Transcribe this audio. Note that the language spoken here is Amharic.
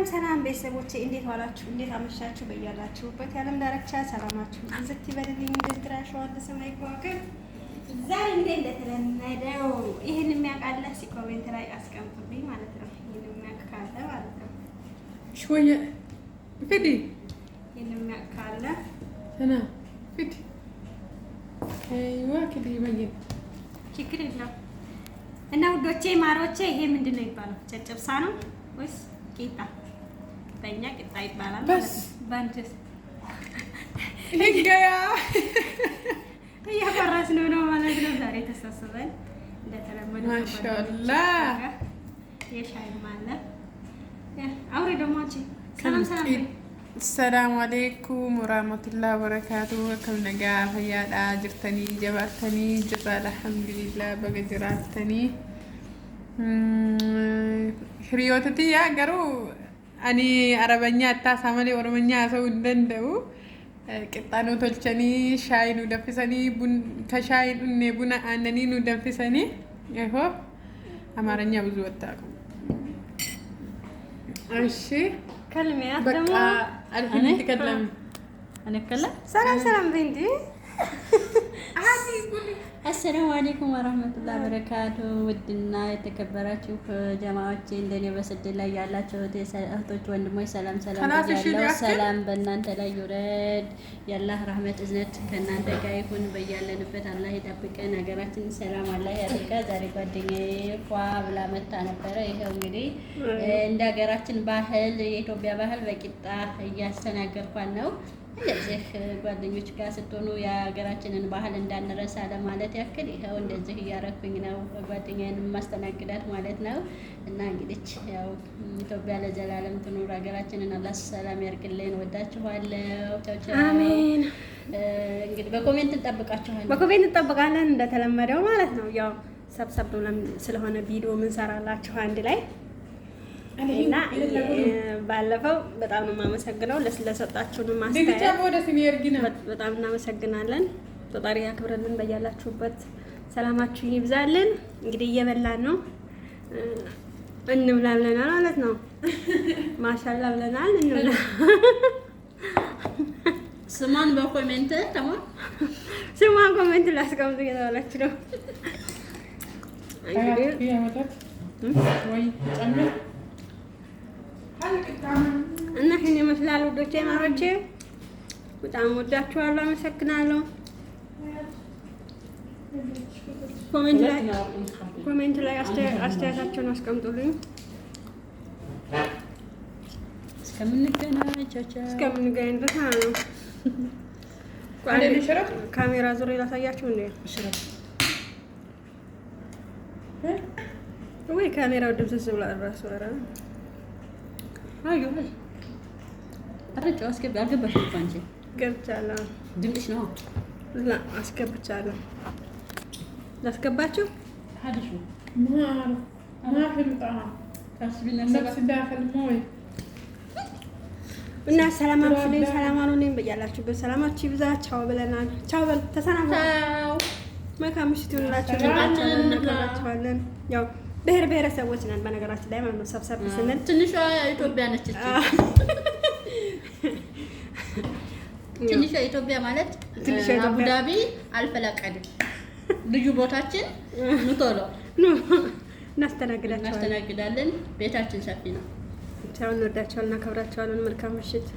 ሰላም ሰላም ቤተሰቦች እንዴት ዋላችሁ? እንዴት አመሻችሁ? በያላችሁበት የዓለም ዳርቻ ሰላማችሁ ይብዛት ይበልልኝ። ድንግራሽዋለ ሰማይ ከዋክብ ዛሬ እንግዲህ እንደተለመደው ይህን የሚያውቃለ ሲኮሜንት ላይ አስቀምጡልኝ ማለት ነው። ይህን የሚያውቅ ካለ ማለት ነው ሽወየ ፍዲ ይህን የሚያውቅ ካለ እና ፍዲ ይዋ ክዲ ይበይን ችግር የለም እና ውዶቼ ማሮቼ ይሄ ምንድን ነው ይባላል? ጨጨብሳ ነው ወይስ ቂጣ? በእኛ ቅጣ ይባላል። በአንተስ ገያ እያፈራስን ነው ማለት ነው። ዛሬ ተሰብስበን እንደተለመደ ማሻላ የሻይም አለ አውሬ ደግሞ ሰላም ሰላም አሰላሙ አሌይኩም ወራህመቱላህ በረካቱ ከምነጋ ፈያዳ ጅርተኒ ጀባርተኒ፣ ጅራ አልሐምዱሊላ በገ ጅራተኒ ያገሩ። አኒ አረበኛ አታሳመሌ ኦሮሞኛ ሰው እንደንደው ቅጣኑ ቶልቸኒ ሻይ ኑ ደንፍሰኒ ከሻይ ኔ ቡና አነኒ ኑ ደንፍሰኒ ይሆ አማርኛ ብዙ ወጣቁ። እሺ ከልሚያት ደግሞ ሰላም ሰላም ቤንዲ አሰላሙ አሌይኩም ወረህመቱላሂ በረካቱ። ውድና የተከበራችሁ ጀማዎች እንደኔ በስደት ላይ ያላችሁ እህቶች፣ ወንድሞች ሰላም ሰላም ያለው ሰላም በእናንተ ላይ ይውረድ። የአላህ ረህመት እዝነት ከእናንተ ጋር ይሁን። በያለንበት አላህ ይጠብቀን። ሀገራችን ሰላም አላህ ያድርጋ። ዛሬ ጓደኛዬ ፏ ብላ መታ ነበረ። ይኸው እንግዲህ እንደ ሀገራችን ባህል የኢትዮጵያ ባህል በቂጣ እያስተናገድኳን ነው። እንደዚህ ጓደኞች ጋር ስትሆኑ የሀገራችንን ባህል እንዳንረሳ ለማለት ለማለት ያክል ይኸው እንደዚህ እያረኩኝ ነው ጓደኛዬን የማስተናግዳት ማለት ነው። እና እንግዲህ ያው ኢትዮጵያ ለዘላለም ትኑር፣ ሀገራችንን አላህ ሰላም ያርግልን። ወዳችኋለሁ። ቻው ቻው። አሜን። እንግዲህ በኮሜንት እንጠብቃችኋለን፣ በኮሜንት እንጠብቃለን እንደተለመደው ማለት ነው። ያው ሰብሰብ ብለን ስለሆነ ቪዲዮ ምንሰራላችሁ አንድ ላይ እና ባለፈው በጣም ነው የማመሰግነው ለስለሰጣችሁን ማስተያየት በጣም እናመሰግናለን። ፈጣሪ ያክብረልን። በያላችሁበት ሰላማችሁ ይብዛልን። እንግዲህ እየበላን ነው እንብላ ብለናል ማለት ነው። ማሻላ ብለናል እንብላ። ስሟን በኮሜንት ተማ ስሟን ኮሜንት ላስቀምጡ እየተባላችሁ ነው እና ይህን ይመስላል ውዶቼ፣ ማሮቼ በጣም ወዳችኋለሁ። አመሰግናለሁ። ኮሜንት ላይ አስተያየታቸውን አስቀምጡልኝ። እስከምንገናኝ እስከምንገናኝ በታ ነው። ካሜራ ዙር ላሳያችሁ እንዴ? ወይ ካሜራው ድምፅስ ብላ ራሱ ራ አረጫው አስገቢ አልገባሽ? ገብቻለሁ። ድምፅሽ ነው አስገብቻለሁ። ላስገባችሁ እና ሰላም አሉልኝ፣ ሰላም አሉልኝ በያላችሁበት ሰላማችሁ ይብዛ። ቻው ብለናል። ቻው በል ተሰናብተን፣ መልካም ምሽት ይሁንላችሁ። እንላችኋለን። ያው ብሔር ብሔረሰቦች ነን በነገራችን ላይ ማለት ነው። ሰብሰብ ስንል ትንሿ ኢትዮጵያ ነች። ትንሿ ኢትዮጵያ ማለት አቡዳቢ አልፈላቀድም። ልዩ ቦታችን ቶሎ እናስተናግዳቸዋለን። እናስተናግዳለን። ቤታችን ሰፊ ነው። ብቻ እንወዳቸዋለን፣ እናከብራቸዋለን። መልካም ምሽት።